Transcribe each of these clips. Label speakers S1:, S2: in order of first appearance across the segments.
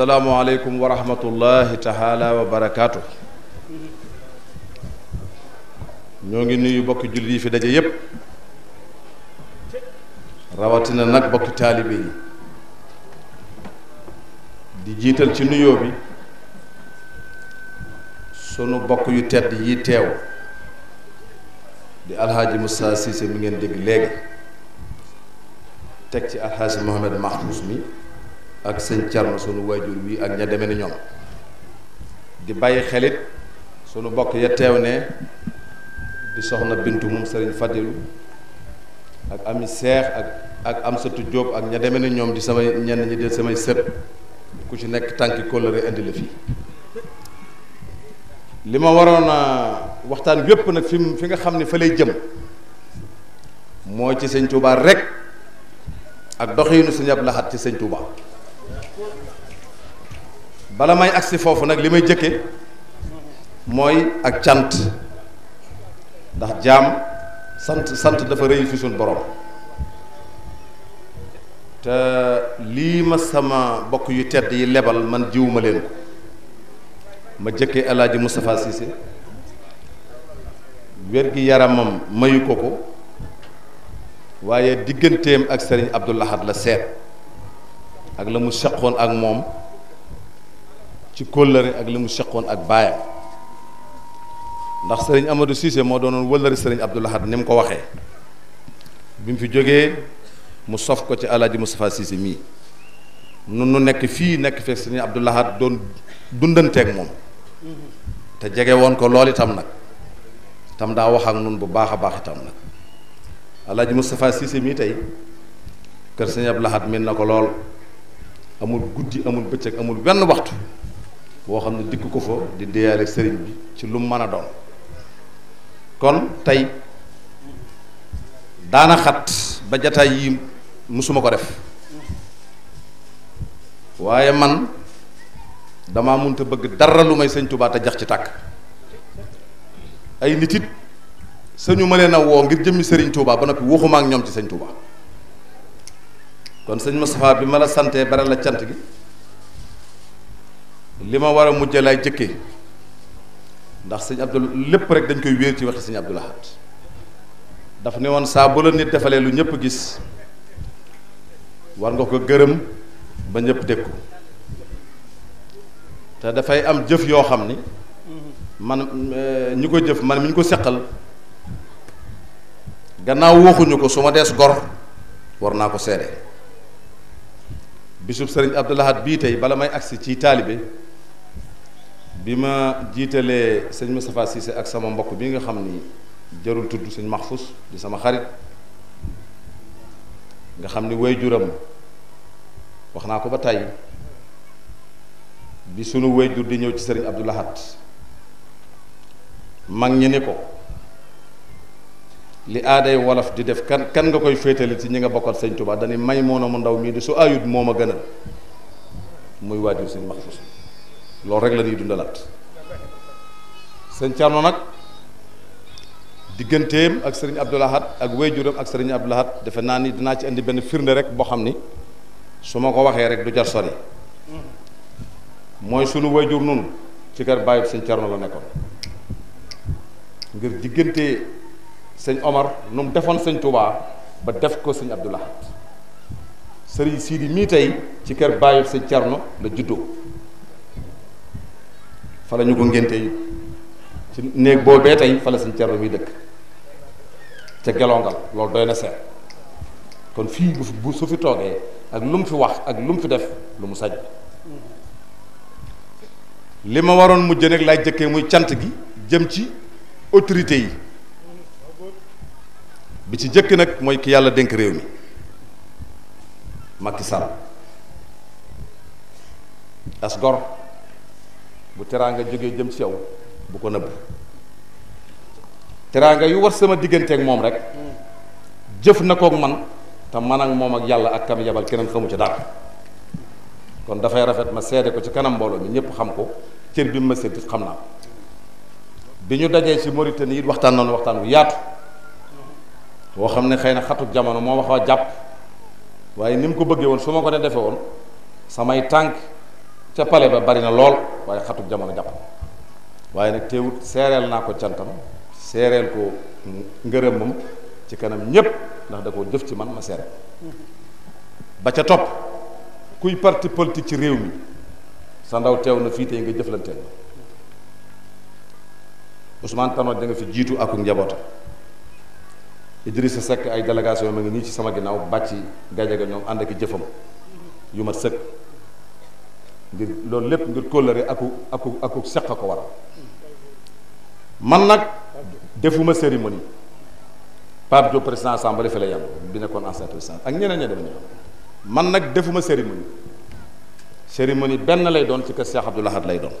S1: asalaamualeykum wa rahmatullahi taala wa barakaatu. ñoo ngi nuyu bokki jullit yi fi daje yépp rawatina nag bokki taalibe yi di jiital ci nuyoo bi sunu bokk yu tedd yi teew di alxaaji Moussa Cissé mi ngeen dégg léegi teg ci alxaaji Mohamed Mahmouz mi ak sëñ Thierno sunu waajur wi ak ña demee ni ñoom di bàyyi xelit sunu bokk ya teew ne di soxna Bintu moom sëriñ Fadilu ak ami seex ak am Amsatu Jóob ak ña demee ni ñoom di samay ñenn ñi di samay sët ku ci nekk tànki kóllëre indi la fii li ma waroon a waxtaan wépp nag fi fi nga xam ni fa lay jëm moo ci sëñ Tuubaa rek ak doxiinu sëñ Abdu Lahat ci sëñ Tuubaa bala may agsi foofu nag li may jëkke mooy ak cant ndax jaam sant sant dafa rëy fi suñ borom te lii ma sama bokk yu tedd yi lebal man jiwuma leen ko ma jëkkee alaaji Moustapha Cissé wér gi yaramam mayu ko ko waaye digganteem ak sëriñ Abdou Lahad la seet ak la mu seqoon ak moom ci kóllëre ak li mu seqoon ak baayam ndax sëriñ Amadou Cissé moo doonoon wëllëre sëriñ Abdou Lahad ni mu ko waxee bi mu fi jógee mu sof ko ci alaaji Moustapha Cissé mii nun nu nekk fii nekk fekk sëriñ Abdou Lahad doon dundanteek moom te jege woon ko lool itam nag tam daa wax ak nun bu baax a baax itam nag alaaji Moustapha Cissé mii tey kër sëriñ Abdou Lahad miin na ko lool amul guddi amul bëccëg amul benn waxtu boo xam ne dikk ko fa di déyaale sëriñ bi ci lu mën a doon kon tey daana xat ba jataay yi musuma ko def waaye man damaa te bëgg dara lu may sëñ Tuubaa te jax ci tàkk ay nit it sañu ma leen a woo ngir jëmmi sëriñ Tuubaa ba noppi waxuma ak ñoom ci sëñ Tuubaa kon sëñ Moustapha bi ma la santee bare la cant gi li ma war a mujjee laay jëkkee ndax sëñ Abdul lépp rek dañ koy wéer ci waxi sëñ Abdul dafa ne woon saa bu la nit defalee lu ñëpp gis war nga ko gërëm ba ñëpp dégg ko te dafay am jëf yoo xam ni man eh, ñi ko jëf man mi ñu ko seqal gannaaw waxuñu ko su ma dees gor war naa ko seere bisub sëriñ Abdul Ahad bii tey bala may agsi ci taalibe bi ma jiitalee sëñ Moustapha Cissé ak sama mbokk bi nga xam ni jarul tudd sëñ Mahfous di sama xarit nga xam ni waajuram wax naa ko ba tàyyi bi sunu waajur di ñëw ci sëriñ Abdou Lahad mag ñi ni ko li aaday wolof di def kan kan nga koy féetali ci ñi nga bokkal sëñ Touba dañuy may moona mu ndaw mii di su ayut moom a gënal muy waajur sëñ Mahfous loolu rek la ñuy dundalaat sëñ Thierno nag digganteem ak sëriñ Abdoul ak wejuram ak sëriñ Abdoul defe naa ni dinaa ci indi benn firnde rek boo xam ni su ma ko waxee rek du jar sori mooy sunu wéyjur nun ci kër bàyyi sëñ Thierno la nekkoon ngir diggante sëñ Omar nu mu defoon sëñ Touba ba def ko sëñ Abdoul Ahad sëriñ Sidi mii tey ci kër bàyyi sëñ Thierno la juddoo. fa la ñu ko ngénte yi ci néeg boobee tey fa la sëñ Cerno mi dëkk ca gelongal loolu doy na seet kon fii bu su fi toogee ak lu mu fi wax ak lu mu fi def lu mu saj li ma waroon mujj nag laay jëkkee muy cant gi jëm ci autorité yi bi ci jëkk nag mooy ki yàlla dénk réew mi Macky Sall as gor bu teraanga jógee jëm ci yow bu ko nëbb teraanga yu war sama digganteek moom rek jëf na kook man te man ak moom ak yàlla ak kam yabal keneen xamu ci dara kon dafay rafet ma seede ko ci kanam mbooloo mi ñëpp xam ko cër bi ma sédd xam naa bi ñu dajee ci Mauritanie it waxtaan nañu waxtaan bu yaatu woo xam ne xëy na xatuk jamono moo wax waa jàpp waaye ni mu ko bëggee woon su ma ko dee defee woon samay tànk ca pale ba bari na lool waaye xatu jamono jàpp waaye nag teewut seereel naa ko cantam seereel ko ngërëmam ci kanam ñépp ndax dakoo jëf ci man ma seere ba ca topp kuy parti politique ci réew mi sa ndaw teew na fii tey nga jëflanteel Ousmane Tanor da nga fi jiitu ak njaboota Idrissa sekk ay délégation ma ngi nii ci sama ginnaaw bàcci Gajaga ñoom ànd ak jëfam yu ma sëkk ngir loolu lépp ngir kóllëre aku aku aku seq ko war man nag defuma cérémonie Pape Diop président assemblée fi la yem bi nekkoon ancien président ak ñeneen ña dem man nag defuma cérémonie cérémonie benn lay doon ci kër Cheikh Abdou Lahad lay doon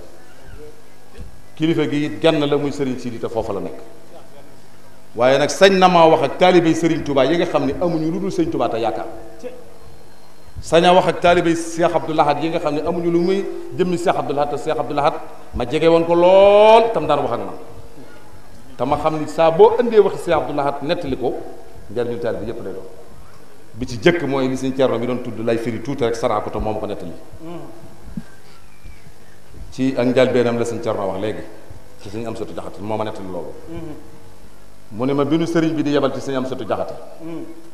S1: kilifa gi it genn la muy Serigne Sidi te foofa la nekk waaye nag sañ na maa wax ak taalibe sëriñ Touba yi nga xam ne amuñu lu dul Serigne Touba te yaakaar. saña wax ak taalibe Cheikh Abdou Lahad yi nga xam ne amuñu lu muy jëmmi Cheikh Abdou Lahad te Cheikh Abdou Lahad ma jege woon ko lool tam daan wax ak man te ma xam ni saa boo indee wax Cheikh Abdou Lahad nettali ko njariñu taalibe yëpp lay doon bi ci jëkk moo li sëñ bi doon tudd lay firi tuuti rek saraa ko te moom ko la sëñ Ceerno wax léegi ci sëñ Amsatu Jaxate moo ma nettali loolu mm-hmm. mu ne ma bi nu sëriñ bi di yebal ci sëñ Amsatu Jaxate mm-hmm.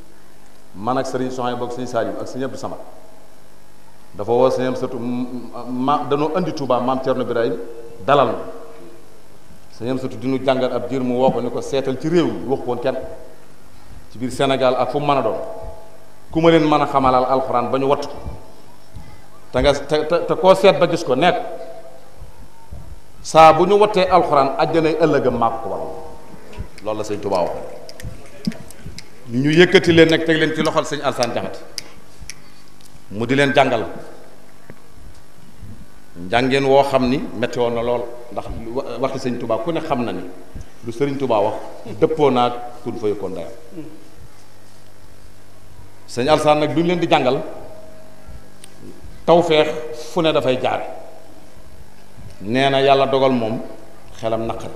S1: man ak sëriñ Soxna boog sëriñ Saliou ak sëriñ Abdou Samad dafa woo sëriñ am surtout ma danoo indi Touba maam Thierno Birahim dalal na sëriñ am surtout dinu jàngal ab diir mu woo ko ni ko seetal ci réew mi wax koon kenn ci biir Sénégal ak fu mu mën a doon ku ma leen mën a xamalal alxuraan ba ñu wattu ko te nga te te koo seet ba gis ko nekk saa bu ñu wattee alxuraan àjjanay ëllëgam maa ko ko waral loolu la sëriñ Touba wax ñu yëkkati leen nag teg leen ci loxol sëñ Alsaan Jaxate mu di leen jàngal njàngeen woo xam ni météo na lool ndax waxi sëñ Touba ku ne xam na ni lu sëriñ Touba dëppoo naa kun fa yëkkoon dayam sëñ Alsaan nag duñ leen di jàngal tawfeex fu ne dafay jaar nee na yàlla dogal moom xelam naqar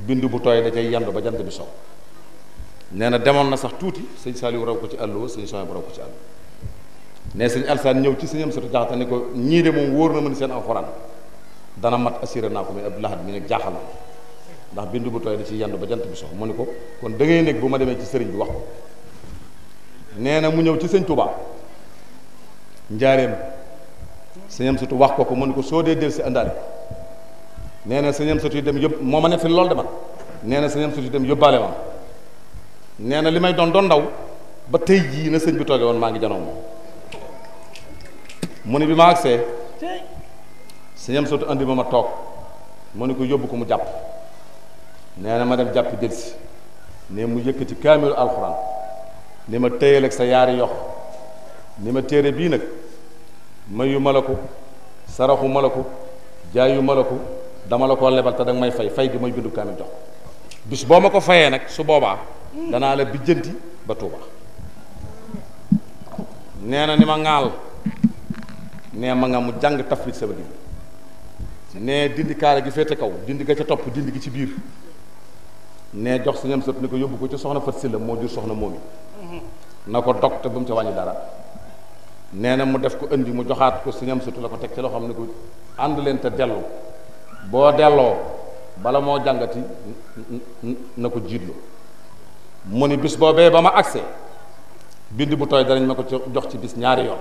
S1: bind bu tooy da cay yandu ba jant bi sow nee na demoon na sax tuuti sëñ Saliou raw ko ci àll wa sëñ Souhaïbou raw ko ci àll ne sëñ Alsaan ñëw ci sëñ am satu jaxate ni ko ñii de moom wóor na mën seen alxuraan dana mat assuré naa ko muy Abdou Lahad mi nag jaaxal ndax bindu bu tooy ci yendu ba jant bi mu ni ko kon da ngay nekk bu ma ci sëriñ bi ko nee na mu ñëw ci sëñ Touba njaareem sëñ am satu wax ko ko mu ne ko soo dee del si àndaale nee na sëñ am satu dem yëpp moo ma ne fi loolu de man na sëñ am satu yi dem yóbbaale nee na li may doon doon ndaw ba tey jii na sëñ bi tooge woon maa ngi janoo moom mu ne bi ma agsee sëñam sotu andi ma ma toog mu ne ko yóbbu ko mu jàpp nee na ma dem jàpp delsi ne mu yëkkati kaamilu alxuraan ni ma téyal ak sa yaari yox ni ma téere bii nag mayu ma la ko saraxu ma la ko jaayu ma la ko dama la koo lebal te danga may fay fay gi may bindu kaamil jox bis boo ma ko fayee nag su boobaa danaa la bijjanti ba Touba nee na ni ma ŋaal nee ma nga mu jàng taflit sama digg nee dindi kaala gi féete kaw dindi ko ca topp dindi gi ci biir nee jox sa ñam ni ko yóbbu ko ci soxna Fat moo jur soxna moomi mm-hmm. na ko dog te bu mu ca wàññi dara nee na mu def ko indi mu joxaat ko sëñam sutu la ko teg ci loo xam ne ko ànd leen te dellu boo delloo bala moo jàngati na ko jiitlu mu ni bis boobee ba ma agsee bind bu tooy danañ ma ko jox ci bis ñaari yoon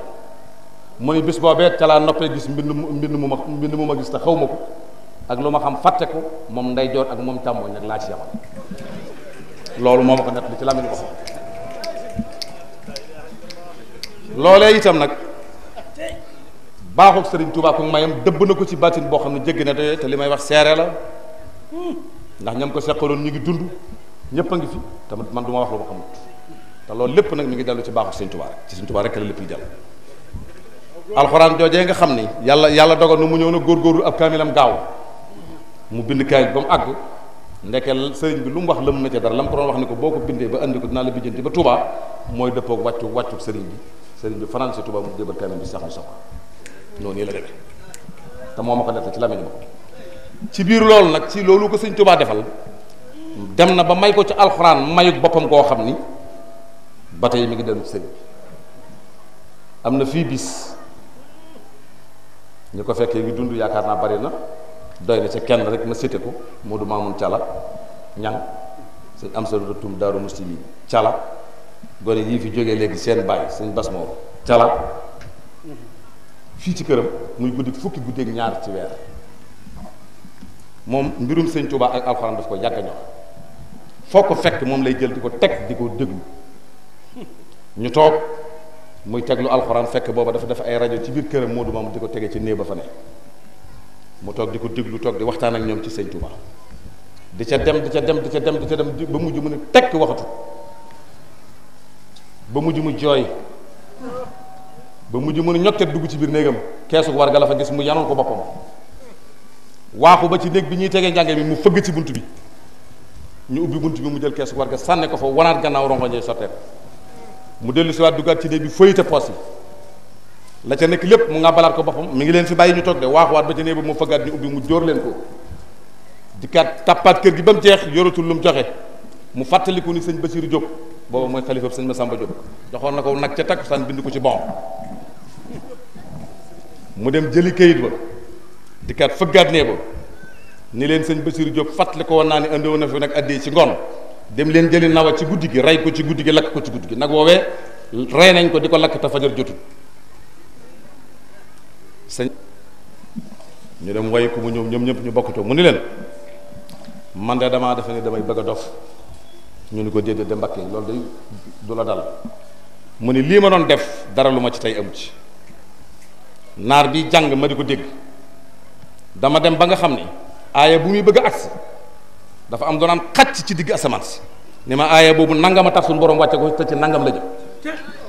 S1: mu ni bis boobee ca laa noppee gis mbind mu mbind mu ma mbind mu ma gis te xaw ma ko ak lu ma xam fàtte ko moom ndeyjoor ak moom càmmooñ nag laa ci yamal loolu moo ma ko li ci làmmiñ wax loolee itam nag baaxul sëriñ Tuubaa ko mayam dëbb na ko ci baatin boo xam ne jéggi na doyee te li may wax seere la ndax ñam ko seqaloon ñu ngi dund ñëpp a ngi fi tamit man du ma wax lu ma xamut te loolu lépp nag mi ngi ci baaxu Sëñ Tuubaa rek ci Sëñ Tuubaa rek la lépp yi jàll alxuraan joojee nga xam ni yàlla yàlla dogal na mu ñëw na góorgóorlu ab kaamilam gaaw mu bind kaamil ba mu àgg ndeke sëriñ bi lu mu wax mun na ca dara la mu ko doon wax ni ko boo ko bindee ba andi ko dinaa la bijjanti ba Touba mooy dëppoog wàccu wàccu sëriñ bi sëriñ bi fanaan si Touba mu jébal kaamil bi sax mu sax noonu la demee te moo ma ko ci lamiñ ma ci biir loolu nag ci loolu ko sëñ Touba defal dem na ba may ko ci alxuraan mayuk boppam koo xam ni ba tey mu ngi dellu sëriñ bi am na fii bis ñu ko fekkee ngi dund yaakaar naa bari na doy na ci kenn rek ma cité ko Modou Mamoun Cala ñang sëñ am sa tum daaru musti bi Cala gone yii fi jógee léegi seen bàyyi sëñ bas moom Cala fii ci këram muy guddi fukki guddeeg ñaar ci weer moom mbirum sëñ Tuubaa ak alxuraan daf ko yàgg ñor foo ko fekk moom lay jël di ko teg di ko déglu ñu toog muy teglu alxuraan fekk booba dafa def ay rajo ci biir këram du Maam di ko tege ci néeg ba fa ne mu toog di ko déglu toog di waxtaan ak ñoom ci sëñ Touba di ca dem di ca dem di ca dem di ca dem ba mujj mu ne tekk waxatu ba mujj mu jooy ba mujj mu ne ñokket dugg ci biir néegam keesu war ga la fa gis mu yanoon ko boppam waaxu ba ci néeg bi ñuy tegee njànge bi mu fëgg ci bunt bi ñu ubbi bunt bi mu jël keesu war ga sànne ko fa wanaat gannaaw rongo ñooy mu dellu si waat duggaat ci néeg bi fëyite poos la ca nekk lépp mu nga balaat ko boppam mi ngi leen fi bàyyi ñu toog de waaxuwaat ba ca néeg ba mu fëggaat ñu ubbi mu jóor leen ko dikkaat tàppaat kër gi ba mu jeex yoratul lu mu joxe mu fàttaliku ni sëñ Basiru Jóob booba mooy xalifa sëñ Masamba Jóob joxoon na ko nag ca takk takkusaan bind ko ci bon mu dem jëli kayit ba dikkaat fëggaat nee ni leen sëñ Basiru Diop fàttali ko woon naa ne a woon na fi nag ci ngoon dem leen jëli nawa ci guddi gi rey ko ci guddi gi lakk ko ci guddi gi nag woowee rey nañ ko di ko lakk te fajar jotul sëñ ñu dem way ko mu ñëw ñoom ñëpp ñu bokkatoo mu ni leen man de damaa defe ne damay bëgg a dof ñu ni ko déedéet de Mbàkke loolu day du la dal mu ni lii ma doon def dara lu ma ci tey amu ci naar bi jàng ma di ko dégg dama dem ba nga xam ni aaye bu muy bëgg a dafa am doon am xacc ci digg asamaan si ni ma aaya boobu nangam a tax suñu boroom wàcce ko te ci nangam la jëm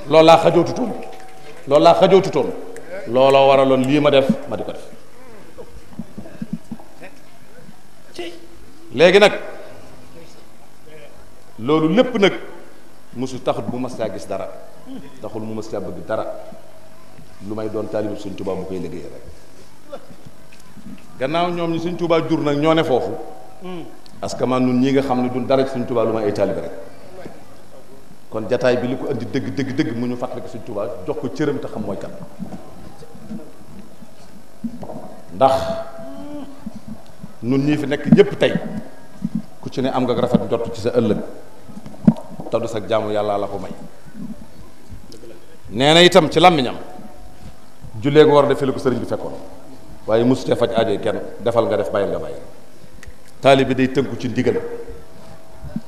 S1: loolu laa xajootutoon loolu laa xajootutoon looloo waraloon lii ma def ma di ko def léegi nag loolu lépp nag mosu taxut mu mas gis dara taxul mu mas caa bëgg dara lu may doon taalibu Sëñ Tuubaa mu koy liggéeyee rek gannaaw ñoom ñi suñ Tuubaa jur nag ñoo ne foofu hmm. parce que man nun ñii nga xam ne duñ dara ci suñ Tuubaa lu ma ay bi rek kon jataay bi li ko indi dëgg dégg dégg mu ñu fàttali ko suñ Tuubaa jox ko cëram te xam mooy kan ndax nun ñii fi nekk ñépp tey ku ci ne am nga rafet njort ci sa ëllëg taddu sag jaamu yàlla la ko may nee na itam ci làmmiñam jullee ko war a defee la ko sëriñ bi fekkoon waaye mosutee faj aajoy kenn defal nga def bàyyil nga bàyyi taalibe day tënku ci ndigal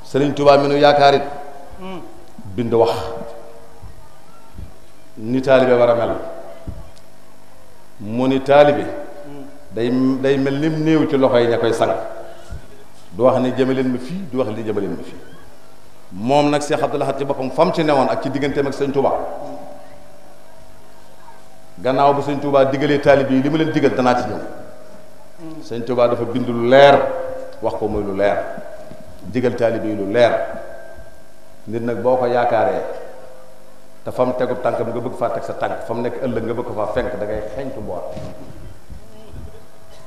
S1: Sëriñ Tuubaa mi nu yaakaar it bind wax ni taalibe war a mel mu ni taalibe day day mel ni mu néew ci loxo yi ña koy sang du wax ni jëmaleen ma fii du wax li jëmaleen ma fii moom nag Seex Abdul Ahad ci boppam fam ci ne woon ak ci digganteem ak Sëriñ Tuubaa gannaaw bu sëñ Touba digalee taalib li mu leen digal danaa ci ñëw sëñ Touba dafa bind leer wax ko muy lu leer digal taalib yi lu leer nit nag boo ko yaakaaree te fa mu tànk bi nga bëgg faa teg sa tànk fa mu nekk ëllëg nga bëgg ko fenk da ngay xeeñtu mboor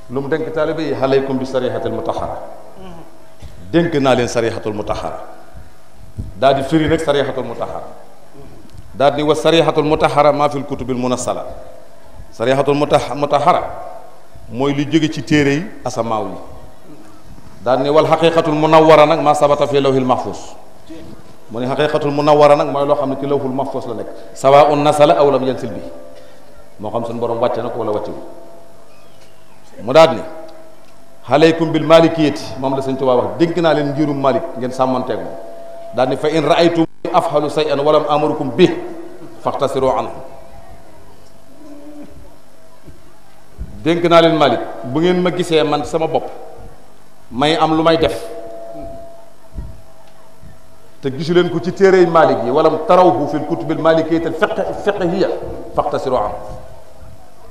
S1: lu mu dénk taalib yi aleykum bi sarihatil mutahara dénk naa leen sarihatul mutahara daal di firi nag sarihatul mutahara daal di wa sarixatul mutahara maa fil kutubil munassala sarixatul mutahara mooy li jóge ci téere yi asamaaw yi daal ni wal xaqiqatul munawwara nag maa sabata fi lawhil mahfuz mu ne xaqiqatul nag mooy loo xam ne ci lawhul mahfuz la nekk sawa un nasala aw lam yansil bi moo xam suñu borom wàcce na ko wala wàcce mu daal ni aleykum bil malikiyati moom la Sëñ Tuubaa wax dénk naa leen ngirum malik ngeen sàmmanteeg moom daal ni in raaytum afhalu shay'an wa lam amurukum bih faxtasiru anhu dénk naa leen Malick bu ngeen ma gisee man sama bopp may am lu may def te gisu leen ko ci téerey Malick yi walam tarawhu fil kutubil malikiyyatil fiqhiyya faxtasiru anhu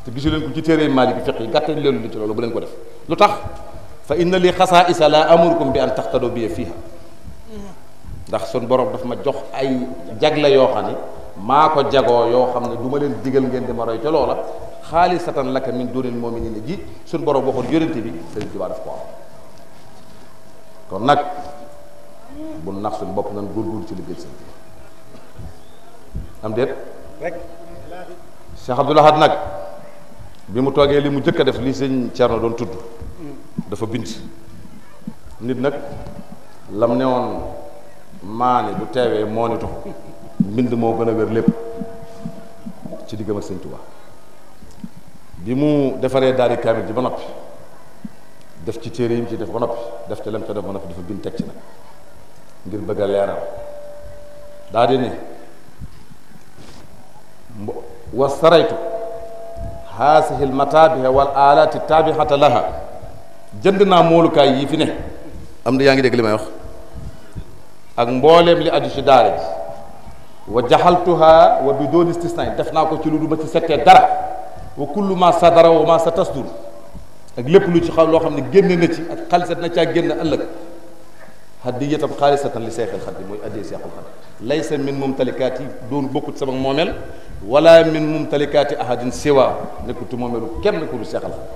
S1: te gisu leen ko ci téerey Malick yi fiq yi gàttañ leen lu ci loolu bu leen ko def lu tax fa inna li xasaa'isa la amurukum bi an taxtadu bi fiha ndax sun boroom daf ma jox ay jagle yoo xam ne maa ko jagoo yoo xam ne du ma leen digal ngeen di ma roy ca loola xaalisatan laka min dunil mu'minin ji sun borom waxoon yonente bi Sëriñ Tuubaa daf ko am kon nag bu nax suñ bopp nan góorgóorlu ci liggéey Sëriñ Tuubaa am déet rek Cheikh Abdoul nag bi mu toogee li mu njëkk a def li sëñ Thierno doon tudd dafa bind nit nag lam ne woon maane bu teewee moo mbind moo gën a wér lépp ci diggam ak sëñ bi mu defaree daari kaamil ji ba noppi def ci téere yim ci def ba noppi def ci lem ca def ba noppi dafa bind teg ci nag ngir bëgg a leeral daa di ni wa saraytu haasihi lmataabiha wal aalaati taabihata laha jënd naa moolukaay yi fi ne am na yaa ngi dégg li may ak mbooleem li aju ci daara ji wa jaxaltuha wa bi doon istisnaa def naa ko ci lu du ma ci settee dara wa kullu ma sadara wa ma sa tasdur ak lépp lu ci xaw loo xam ne génne na ci ak xaalisat na caa génn ëllëg hadiyatan xaalisatan li seexal xadim mooy addee seexul xadim laysa min mumtalikaat yi doon bokkut sama moomeel wala min mumtalikaati ahadin siwa nekkutu moomeelu kenn ku du seexal xadim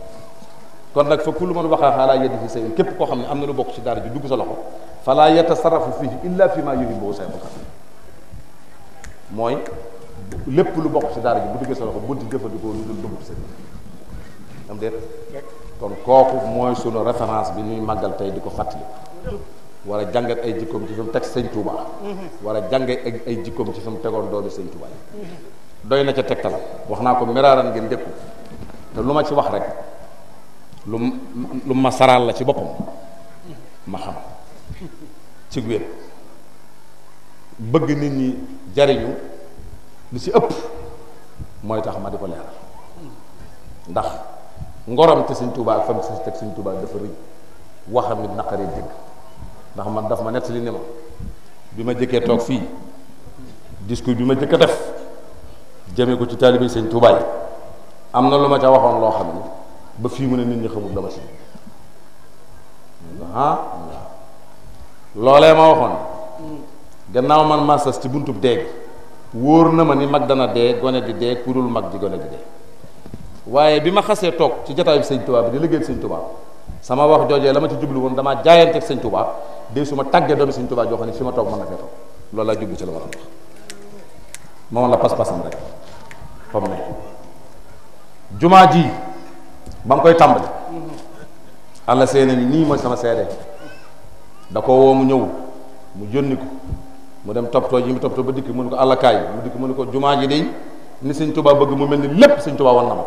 S1: kon nag fa kullu man waxaa xaalaa yeddi képp koo xam ne am na lu bokk ci daara ji dugg sa loxo fala yatasarrafu fii illa fi ma yuhibbu sayyidul xadim mooy lépp lu bokk si daara ji bu duggee sa loxo bunti jëfandikoo lu dul dugg sa am déet kon kooku mooy sunu référence bi ñuy màggal tey di ko fàttali war a jàng ak ay jikkoom ci fi mu teg sëñ Touba. war a jàng ak ay jikkoom ci fi mu tegoon doomi sëñ Touba yi doy na ca tegtal wax naa ko miraaran ngeen dëkku te lu ma ci wax rek lu lu ma saraal la ci boppam ma xam ci wér bëgg nit ñi jariñu li ci ëpp mooy tax ma di ko leeral ndax ngorom te Sëñ Tuubaa fam si teg Sëñ Tuubaa dafa rëy waxam it naqari dégg ndax man daf ma nettali ne ma bi ma jëkkee toog fii discours bi ma jëkk a def jëmee ko ci taalibe Sëñ Tuubaa am na lu ma ca waxoon loo xam ni ba fii mu ne nit ñi xamul la ma si loolee ma waxoon gannaaw man masas ci buntub dee gi wóor na ma ni mag dana dee gone di dee ku dul mag di gone di dee waaye bi ma xasee toog ci jotaayu sëñ Tuubaa bi di liggéeyal sëñ Tuubaa sama wax joojee la ma ci jublu woon damaa jaayanteeg sëñ Tuubaa dee su ma tàggee doomi sëñ Tuubaa joo xam ne fi ma toog mën na fee toog laa jublu ci la ma doon wax moom la pas-pasam rek fa ne jumaa ji ba mu koy tàmbali. àlla seeni nii mooy sama seede da ko woo mu ñëwul mu jónni ko mu dem toppatoo ji mu toppatoo ba dikk mu ne ko àllakaay mu dikk mu ne ko jumaa ji di ni sëñ Tuubaa bëgg mu mel ni lépp sëñ Tuubaa wan na ma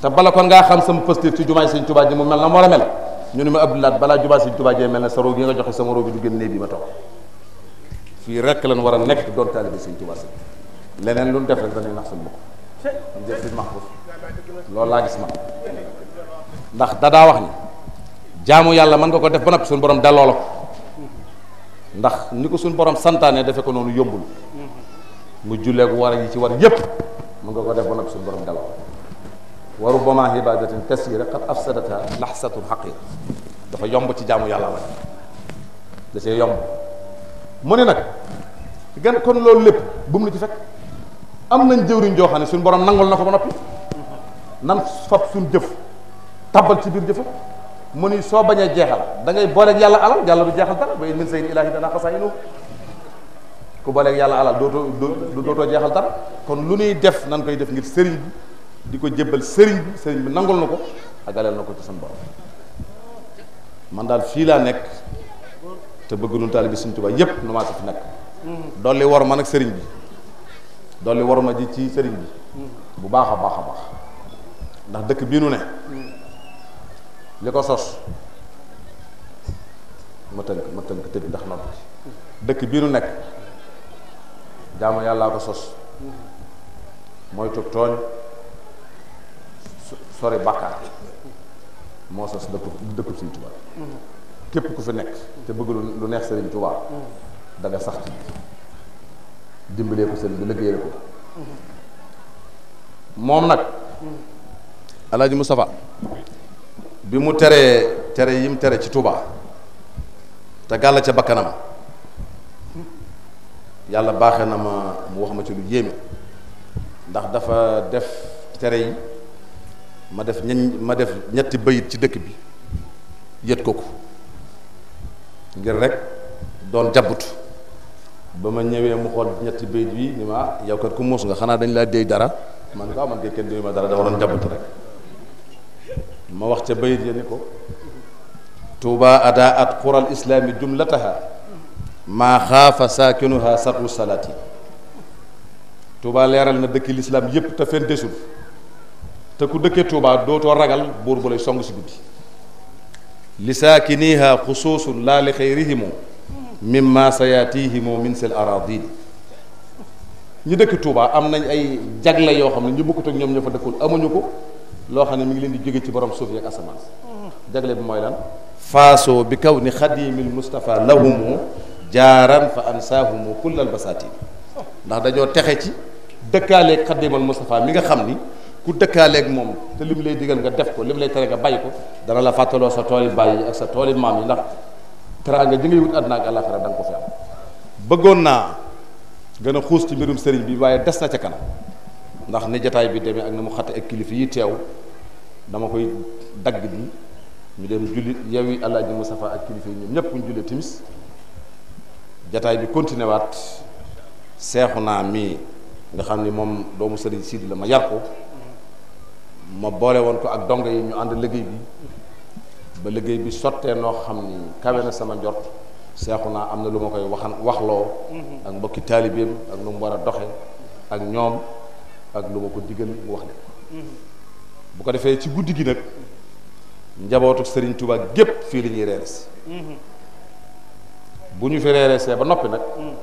S1: te bala kon ngaa xam sama positif ci jumaa ji sëñ Tuubaa ji mu mel na moo a mel ñu ne ma Abdoulaat balaa jumaa sëñ Tuubaa jee mel na sa roo gi nga joxe sama roo bi du gën néeg bi ma toog fii rek lan war a nekk doon taalibe sëñ Tuubaa si leneen lu ñu def rek dañuy nax suñu bopp ñu def si max loolu laa gis ma ndax dadaa wax ni jaamu yàlla mën nga ko def ba noppi suñu borom delloo ko ndax ni ko suñu borom santaanee defe ko noonu yombul mu jullee gu war a yi ci war yépp mën nga ko def ba noppi suñu borom delloo la waru bama ibadatin kasira qad afsadata laxsatun xaqira dafa yomb ci jaamu yàlla la yomb mu ne nag gan kon loolu lépp bu ci fekk am nañ jëwriñ joo xam ne suñu borom nangul na ko ba noppi nan fab suñ jëf tabal ci biir jëfa mu ni soo bañ a jeexal da ngay booleeg yàlla alal yàlla du jeexal dara ba in min sayin ilaahi danaa xasaa inu ku booleeg yàlla alal dootoo dootoo jeexal dara kon lu nuy def nan koy def ngir sëriñ bi di ko jébbal sëriñ bi sëriñ bi nangul na ko agaleel na ko ci seen borom man daal fii laa nekk te bëgg nu taalibi Sëriñ Tuubaa yépp nu maa ko fi nekk dolli war ma nag sëriñ bi dolli war ma ji ci sëriñ bi bu baax a baax a baax ndax dëkk bii nu ne li ko sos ma tënk ma tënk tëdd ndax noppi dëkk bii nu nekk jaamu yàllaa ko sos mooy tub tooñ sori bàkkaar moo sos dëkku dëkkub Sëriñ Tuubaa képp ku fi nekk te bëgg lu neex Sëriñ Tuubaa da nga sax ci dimbalee ko sëriñ bi liggéeyal ko moom nag Alaaji Moustapha bi mu teree tere yi mu tere ci Touba te gàll ca bakkanam yàlla baaxe na ma mu wax ma ci lu yéeme ndax dafa def tere yi ma def ñeñ ma def ñetti bayit ci dëkk bi yët ko ko ngir rek doon jabbut ba ma ñëwee mu xool ñetti bayit bi ni ma ah, yow kat ku muus nga xanaa dañ laa déy dara man ko ah, man kay kenn déy ma dara dama doon jabbut rek ma wax ca bayit ya ni ko tuuba ada at xural islaami jumlataha maa xaafa saakinuha salaat salaati tuuba leeral na dëkki lislaam yépp te fen te ku dëkkee tuuba dootoo ragal buur bu lay song si guddi li saakiniha xusuusun laa li xayrihimu mimma sayaatihimu min sel aradin ñi dëkk tuuba am nañ ay jagle yoo xam ne ñu bokkut ñoom ñoo fa dëkkul amuñu ko loo xam ne mi ngi leen di jóge ci borom suuf yeeg asamaan jagle bi mooy lan faasoo bi kaw ni xadimil Mustafa lahumu jaaran fa ansaahumu kullal basatin ndax dañoo texe ci dëkkaaleeg xadimal Mustafa mi nga xam ni ku dëkkaaleeg moom te lim lay digal nga def ko lim lay tere nga bàyyi ko dana la fàttaloo sa tooli bàyyi ak sa tooli maam yi ndax teraanga ji ngay wut àdduna ak àllaaxira da ko fi bëggoon naa gën a xuus ci mbirum sëriñ bi waaye des na ca ndax ni jataay bi demee ak na mu xate kilifa yi teew dama koy dagg bi ñu dem julli yow yi Alaaji Mustafa ak kilifa yi ñoom ñëpp ñu julli timis jataay bi continué waat seexu naa mii nga xam ni moom doomu sëriñ Sidi la ma yar ko ma boole woon ko ak dongo yi ñu ànd liggéey bi ba liggéey bi sottee noo xam ni kawe na sama njort seexu naa am na lu ma koy waxan waxloo mm-hmm. ak mbokki taalibeem ak nu mu war a doxe ak ñoom ak lu ma ko digal mu wax ne bu ko defee ci guddi gi nag njabootu sëriñ Touba gépp fii la ñuy reere si mm-hmm. bu ñu fi reere see ba noppi nag mm-hmm.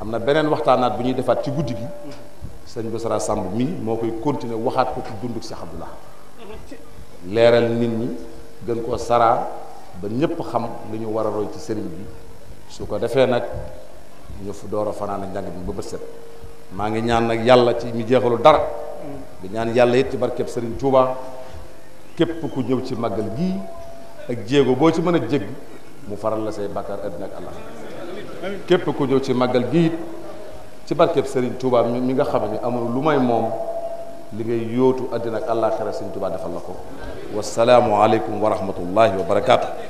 S1: am na beneen waxtaanaat bu ñuy defaat ci guddi gi
S2: mm-hmm.
S1: sëñ saraa Samb mi moo koy continuer waxaat ko ci dunduk Cheikh
S2: Abdoulaye
S1: leeral nit ñi gën koo saraa ba ñépp xam li ñu war a roy ci sëriñ bi su ko defee nag ñu fu door a fanaan njàng bi ba bët set maa ngi ñaan nag yàlla ci mi jeexalu dara di ñaan yàlla it ci barkeb Serigne Touba képp ku ñëw ci màggal gii ak jéego boo ci mën a jégg mu faral la say bàkkaar àddina ak Allah képp ku ñëw ci màggal gii it ci barkeb Serigne Touba mi nga xam ne amul lu may moom li ngay yóotu àddina ak àllaaxira Serigne Touba defal la ko wasalaamualeykum wa rahmatullahi wa barakaatu.